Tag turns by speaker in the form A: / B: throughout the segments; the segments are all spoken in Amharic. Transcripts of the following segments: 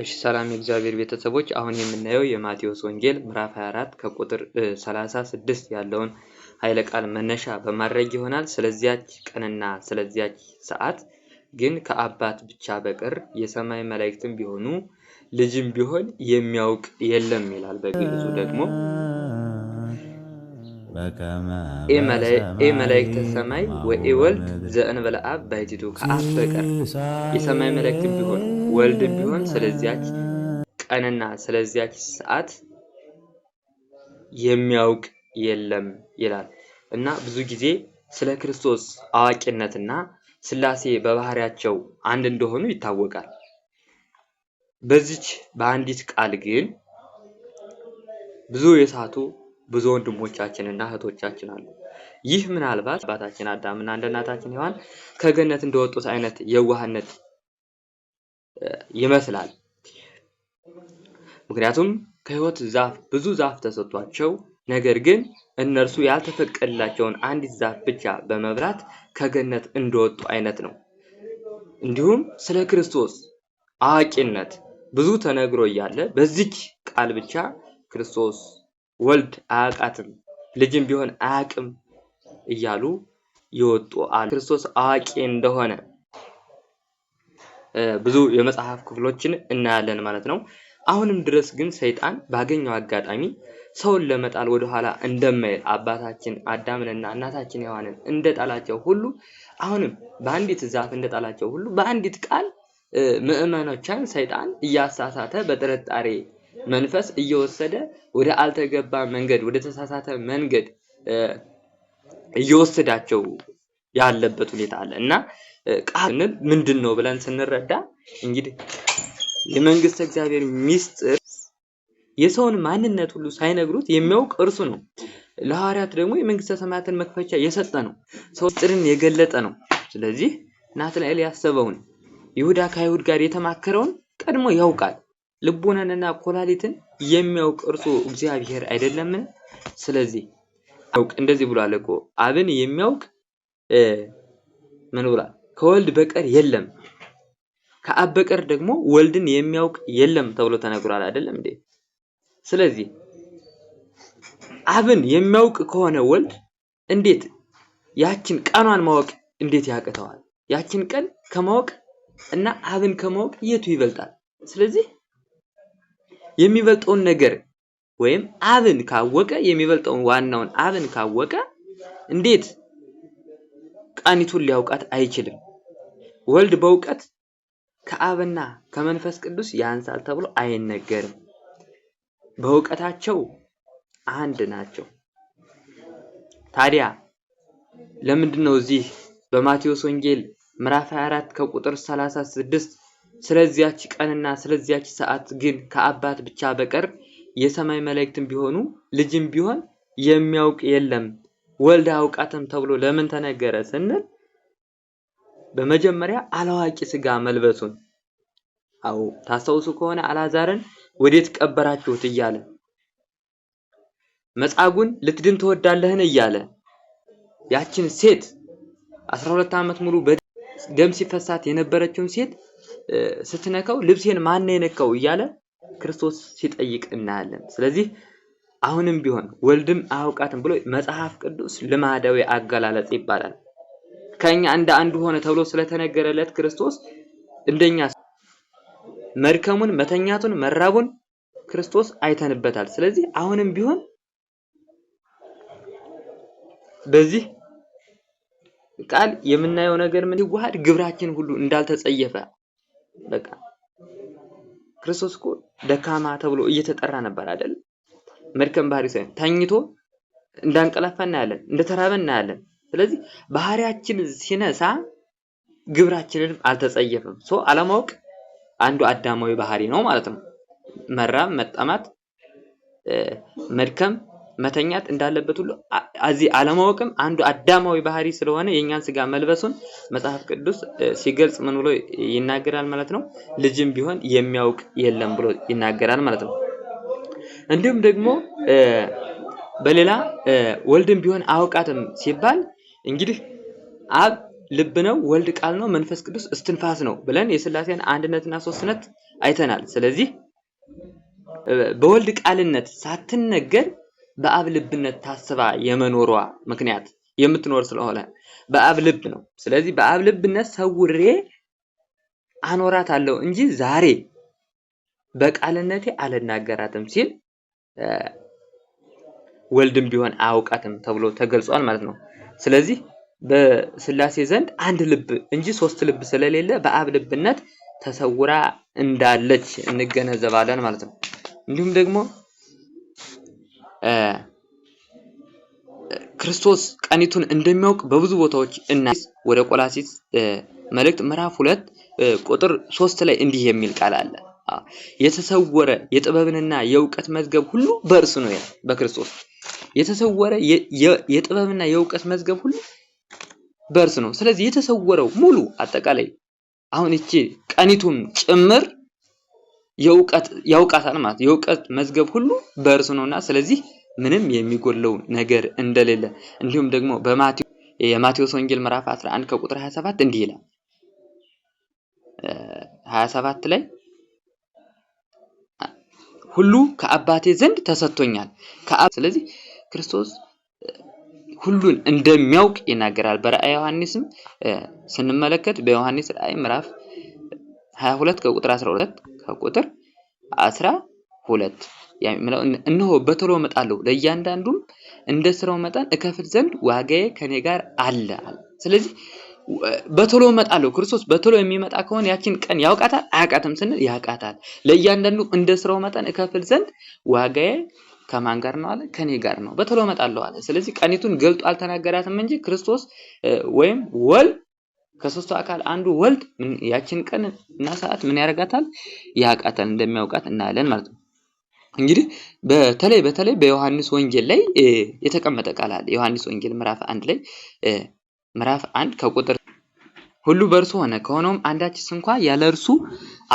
A: እሺ ሰላም የእግዚአብሔር ቤተሰቦች፣ አሁን የምናየው የማቴዎስ ወንጌል ምዕራፍ 24 ከቁጥር 36 ያለውን ኃይለ ቃል መነሻ በማድረግ ይሆናል። ስለዚያች ቀንና ስለዚያች ሰዓት ግን ከአባት ብቻ በቀር የሰማይ መላእክትም ቢሆኑ ልጅም ቢሆን የሚያውቅ የለም ይላል። በግልጹ ደግሞ ኤ መላእክተ ሰማይ ወኤ ወልድ ዘእንበለ አብ ባሕቲቱ ከአብ በቀር የሰማይ መላእክትም ቢሆኑ ወልድም ቢሆን ስለዚያች ቀንና ስለዚያች ሰዓት የሚያውቅ የለም ይላል እና ብዙ ጊዜ ስለ ክርስቶስ አዋቂነትና ስላሴ በባህሪያቸው አንድ እንደሆኑ ይታወቃል። በዚች በአንዲት ቃል ግን ብዙ የሳቱ ብዙ ወንድሞቻችንና እህቶቻችን አሉ። ይህ ምናልባት አባታችን አዳምና እንደ እናታችን ሔዋን ከገነት እንደወጡት አይነት የዋህነት ይመስላል። ምክንያቱም ከህይወት ዛፍ ብዙ ዛፍ ተሰጥቷቸው ነገር ግን እነርሱ ያልተፈቀደላቸውን አንዲት ዛፍ ብቻ በመብላት ከገነት እንደወጡ አይነት ነው። እንዲሁም ስለ ክርስቶስ አዋቂነት ብዙ ተነግሮ እያለ በዚች ቃል ብቻ ክርስቶስ ወልድ አያውቃትም ልጅም ቢሆን አያውቅም እያሉ ይወጡ አሉ። ክርስቶስ አዋቂ እንደሆነ ብዙ የመጽሐፍ ክፍሎችን እናያለን ማለት ነው። አሁንም ድረስ ግን ሰይጣን ባገኘው አጋጣሚ ሰውን ለመጣል ወደኋላ እንደማይል አባታችን አዳምንና እናታችን ሔዋንን እንደጣላቸው ሁሉ አሁንም በአንዲት ዛፍ እንደጣላቸው ሁሉ በአንዲት ቃል ምዕመኖቻን ሰይጣን እያሳሳተ በጥርጣሬ መንፈስ እየወሰደ ወደ አልተገባ መንገድ ወደ ተሳሳተ መንገድ እየወሰዳቸው ያለበት ሁኔታ አለ እና ቃልን ምንድን ነው ብለን ስንረዳ እንግዲህ የመንግስት እግዚአብሔር ሚስጥር የሰውን ማንነት ሁሉ ሳይነግሩት የሚያውቅ እርሱ ነው። ለሐዋርያት ደግሞ የመንግስተ ሰማያትን መክፈቻ የሰጠ ነው። ሰው ምስጢርን የገለጠ ነው። ስለዚህ ናትናኤል ያሰበውን ይሁዳ ከአይሁድ ጋር የተማከረውን ቀድሞ ያውቃል። ልቡናንና ኮላሊትን የሚያውቅ እርሱ እግዚአብሔር አይደለምን? ስለዚህ ያውቅ እንደዚህ ብሏል እኮ አብን የሚያውቅ ምን ብሏል? ከወልድ በቀር የለም፣ ከአብ በቀር ደግሞ ወልድን የሚያውቅ የለም ተብሎ ተነግሯል። አይደለም እንዴ? ስለዚህ አብን የሚያውቅ ከሆነ ወልድ እንዴት ያችን ቀኗን ማወቅ እንዴት ያቅተዋል? ያችን ቀን ከማወቅ እና አብን ከማወቅ የቱ ይበልጣል? ስለዚህ የሚበልጠውን ነገር ወይም አብን ካወቀ የሚበልጠውን ዋናውን አብን ካወቀ እንዴት ጣኒቱን ሊያውቃት አይችልም። ወልድ በእውቀት ከአብና ከመንፈስ ቅዱስ ያንሳል ተብሎ አይነገርም። በእውቀታቸው አንድ ናቸው። ታዲያ ለምንድን ነው እዚህ በማቴዎስ ወንጌል ምዕራፍ 24 ከቁጥር 36 ስለዚያች ቀንና ስለዚያች ሰዓት ግን ከአባት ብቻ በቀር የሰማይ መላእክትም ቢሆኑ ልጅም ቢሆን የሚያውቅ የለም ወልድ አውቃትም ተብሎ ለምን ተነገረ ስንል በመጀመሪያ አላዋቂ ስጋ መልበሱን አው ታስታውሱ ከሆነ አላዛርን ወዴት ቀበራችሁት እያለ መጻጉን ልትድን ትወዳለህን እያለ ያችን ሴት 12 ዓመት ሙሉ ደም ሲፈሳት የነበረችውን ሴት ስትነካው ልብሴን ማን የነካው እያለ ክርስቶስ ሲጠይቅ እናያለን። ስለዚህ አሁንም ቢሆን ወልድም አያውቃትም ብሎ መጽሐፍ ቅዱስ ልማዳዊ አገላለጽ ይባላል። ከኛ እንደ አንዱ ሆነ ተብሎ ስለተነገረለት ክርስቶስ እንደኛ መድከሙን፣ መተኛቱን፣ መራቡን ክርስቶስ አይተንበታል። ስለዚህ አሁንም ቢሆን በዚህ ቃል የምናየው ነገር ምን ይዋሃድ ግብራችን ሁሉ እንዳልተጸየፈ በቃ ክርስቶስ እኮ ደካማ ተብሎ እየተጠራ ነበር አይደል? መድከም ባህሪ ሳይሆን ተኝቶ እንዳንቀላፋ እናያለን፣ እንደተራበ እናያለን። ስለዚህ ባህሪያችን ሲነሳ ግብራችንን አልተጸየፍም። ሶ አለማወቅ አንዱ አዳማዊ ባህሪ ነው ማለት ነው። መራብ፣ መጠማት፣ መድከም፣ መተኛት እንዳለበት ሁሉ እዚህ አለማወቅም አንዱ አዳማዊ ባህሪ ስለሆነ የእኛን ስጋ መልበሱን መጽሐፍ ቅዱስ ሲገልጽ ምን ብሎ ይናገራል ማለት ነው? ልጅም ቢሆን የሚያውቅ የለም ብሎ ይናገራል ማለት ነው። እንዲሁም ደግሞ በሌላ ወልድም ቢሆን አውቃትም ሲባል እንግዲህ አብ ልብ ነው፣ ወልድ ቃል ነው፣ መንፈስ ቅዱስ እስትንፋስ ነው ብለን የስላሴን አንድነትና ሶስትነት አይተናል። ስለዚህ በወልድ ቃልነት ሳትነገር በአብ ልብነት ታስባ የመኖሯ ምክንያት የምትኖር ስለሆነ በአብ ልብ ነው። ስለዚህ በአብ ልብነት ሰውሬ አኖራት አለው እንጂ ዛሬ በቃልነቴ አልናገራትም ሲል ወልድም ቢሆን አያውቃትም ተብሎ ተገልጿል ማለት ነው። ስለዚህ በስላሴ ዘንድ አንድ ልብ እንጂ ሶስት ልብ ስለሌለ በአብ ልብነት ተሰውራ እንዳለች እንገነዘባለን ማለት ነው። እንዲሁም ደግሞ ክርስቶስ ቀኒቱን እንደሚያውቅ በብዙ ቦታዎች እና ወደ ቆላሲስ መልእክት ምዕራፍ ሁለት ቁጥር ሶስት ላይ እንዲህ የሚል ቃል አለ። የተሰወረ የጥበብንና የእውቀት መዝገብ ሁሉ በእርሱ ነው ይላል። በክርስቶስ የተሰወረ የጥበብና የእውቀት መዝገብ ሁሉ በእርሱ ነው። ስለዚህ የተሰወረው ሙሉ አጠቃላይ አሁን እቺ ቀኒቱም ጭምር የእውቀት ያውቃታል ማለት የእውቀት መዝገብ ሁሉ በእርሱ ነውና ስለዚህ ምንም የሚጎለው ነገር እንደሌለ እንዲሁም ደግሞ በማቴዎስ የማቴዎስ ወንጌል ምዕራፍ 11 ከቁጥር 27 እንዲህ ይላል 27 ላይ ሁሉ ከአባቴ ዘንድ ተሰጥቶኛል። ስለዚህ ክርስቶስ ሁሉን እንደሚያውቅ ይናገራል። በራእየ ዮሐንስም ስንመለከት በዮሐንስ ራእይ ምዕራፍ 22 ከቁጥር 12 ከቁጥር 12 እነሆ በቶሎ እመጣለሁ፣ ለእያንዳንዱም እንደ ስራው መጠን እከፍል ዘንድ ዋጋዬ ከኔ ጋር አለ። ስለዚህ በቶሎ እመጣለሁ። ክርስቶስ በቶሎ የሚመጣ ከሆነ ያችን ቀን ያውቃታል። አያውቃትም ስንል ያውቃታል። ለእያንዳንዱ እንደ ስራው መጠን እከፍል ዘንድ ዋጋዬ ከማን ጋር ነው አለ? ከኔ ጋር ነው። በቶሎ እመጣለሁ አለ። ስለዚህ ቀኒቱን ገልጦ አልተናገራትም እንጂ ክርስቶስ ወይም ወልድ ከሶስቱ አካል አንዱ ወልድ ያችን ቀን እና ሰዓት ምን ያደርጋታል? ያውቃታል፣ እንደሚያውቃት እናያለን ማለት ነው። እንግዲህ በተለይ በተለይ በዮሐንስ ወንጌል ላይ የተቀመጠ ቃል አለ። ዮሐንስ ወንጌል ምዕራፍ አንድ ላይ ምዕራፍ አንድ ከቁጥር ሁሉ በእርሱ ሆነ ከሆነውም አንዳችስ እንኳ ያለ እርሱ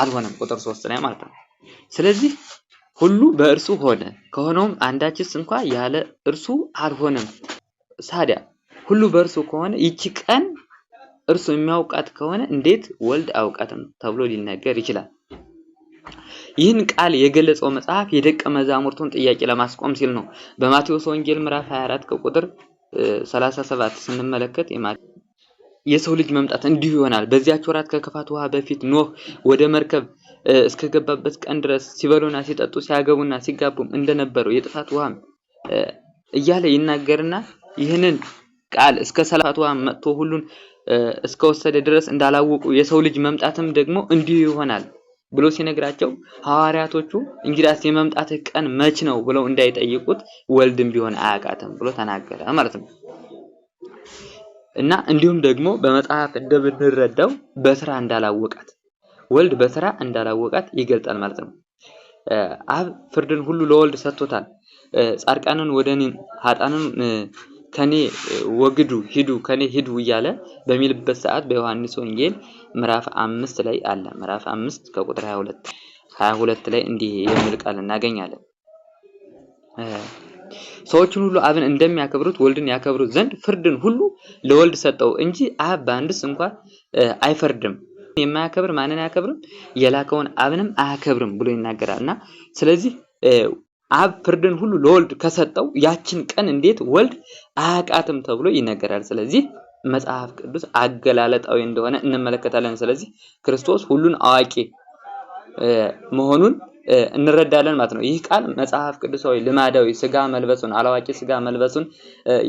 A: አልሆነም። ቁጥር ሶስት ላይ ማለት ነው። ስለዚህ ሁሉ በእርሱ ሆነ ከሆነውም አንዳችስ እንኳ ያለ እርሱ አልሆነም። ሳዲያ ሁሉ በእርሱ ከሆነ ይቺ ቀን እርሱ የሚያውቃት ከሆነ እንዴት ወልድ አያውቃትም ተብሎ ሊነገር ይችላል? ይህን ቃል የገለጸው መጽሐፍ የደቀ መዛሙርቱን ጥያቄ ለማስቆም ሲል ነው። በማቴዎስ ወንጌል ምዕራፍ 24 ከቁጥር ሰላሳ ሰባት ስንመለከት የሰው ልጅ መምጣት እንዲሁ ይሆናል። በዚያች ወራት ከክፋት ውሃ በፊት ኖህ ወደ መርከብ እስከገባበት ቀን ድረስ ሲበሉና ሲጠጡ ሲያገቡና ሲጋቡም እንደነበረው የጥፋት ውሃም እያለ ይናገርና ይህንን ቃል እስከ ሰላት ውሃ መጥቶ ሁሉን እስከወሰደ ድረስ እንዳላወቁ የሰው ልጅ መምጣትም ደግሞ እንዲሁ ይሆናል። ብሎ ሲነግራቸው ሐዋርያቶቹ እንግዲያስ የመምጣት ቀን መች ነው ብለው እንዳይጠይቁት ወልድም ቢሆን አያውቃትም ብሎ ተናገረ ማለት ነው። እና እንዲሁም ደግሞ በመጽሐፍ እንደምንረዳው በስራ እንዳላወቃት ወልድ በስራ እንዳላወቃት ይገልጣል ማለት ነው። አብ ፍርድን ሁሉ ለወልድ ሰጥቶታል። ጻድቃንን ወደ እኔ ከኔ ወግዱ ሂዱ ከኔ ሂዱ እያለ በሚልበት ሰዓት በዮሐንስ ወንጌል ምዕራፍ አምስት ላይ አለ። ምዕራፍ አምስት ከቁጥር 22 22 ላይ እንዲህ የሚል ቃል እናገኛለን። ሰዎችን ሁሉ አብን እንደሚያከብሩት ወልድን ያከብሩት ዘንድ ፍርድን ሁሉ ለወልድ ሰጠው እንጂ አብ በአንድስ እንኳን አይፈርድም። የማያከብር ማንን አያከብርም? የላከውን አብንም አያከብርም ብሎ ይናገራል እና ስለዚህ አብ ፍርድን ሁሉ ለወልድ ከሰጠው ያችን ቀን እንዴት ወልድ አያቃትም ተብሎ ይነገራል። ስለዚህ መጽሐፍ ቅዱስ አገላለጣዊ እንደሆነ እንመለከታለን። ስለዚህ ክርስቶስ ሁሉን አዋቂ መሆኑን እንረዳለን ማለት ነው። ይህ ቃል መጽሐፍ ቅዱሳዊ ልማዳዊ ስጋ መልበሱን አላዋቂ ስጋ መልበሱን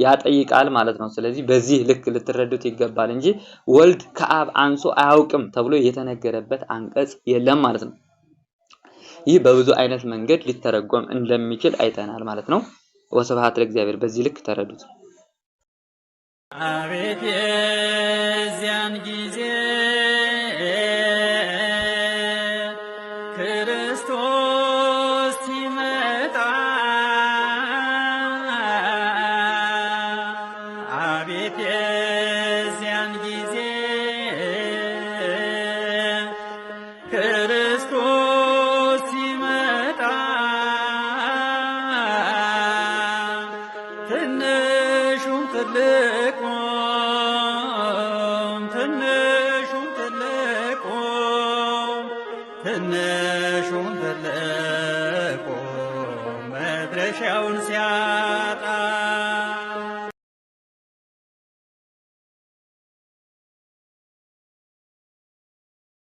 A: ያጠይቃል ማለት ነው። ስለዚህ በዚህ ልክ ልትረዱት ይገባል እንጂ ወልድ ከአብ አንሶ አያውቅም ተብሎ የተነገረበት አንቀጽ የለም ማለት ነው። ይህ በብዙ አይነት መንገድ ሊተረጎም እንደሚችል አይተናል ማለት ነው። ወስብሐት ለእግዚአብሔር። በዚህ ልክ ተረዱት። አቤት የዚያን ጊዜ ትንሹን ትልቁ መድረሻው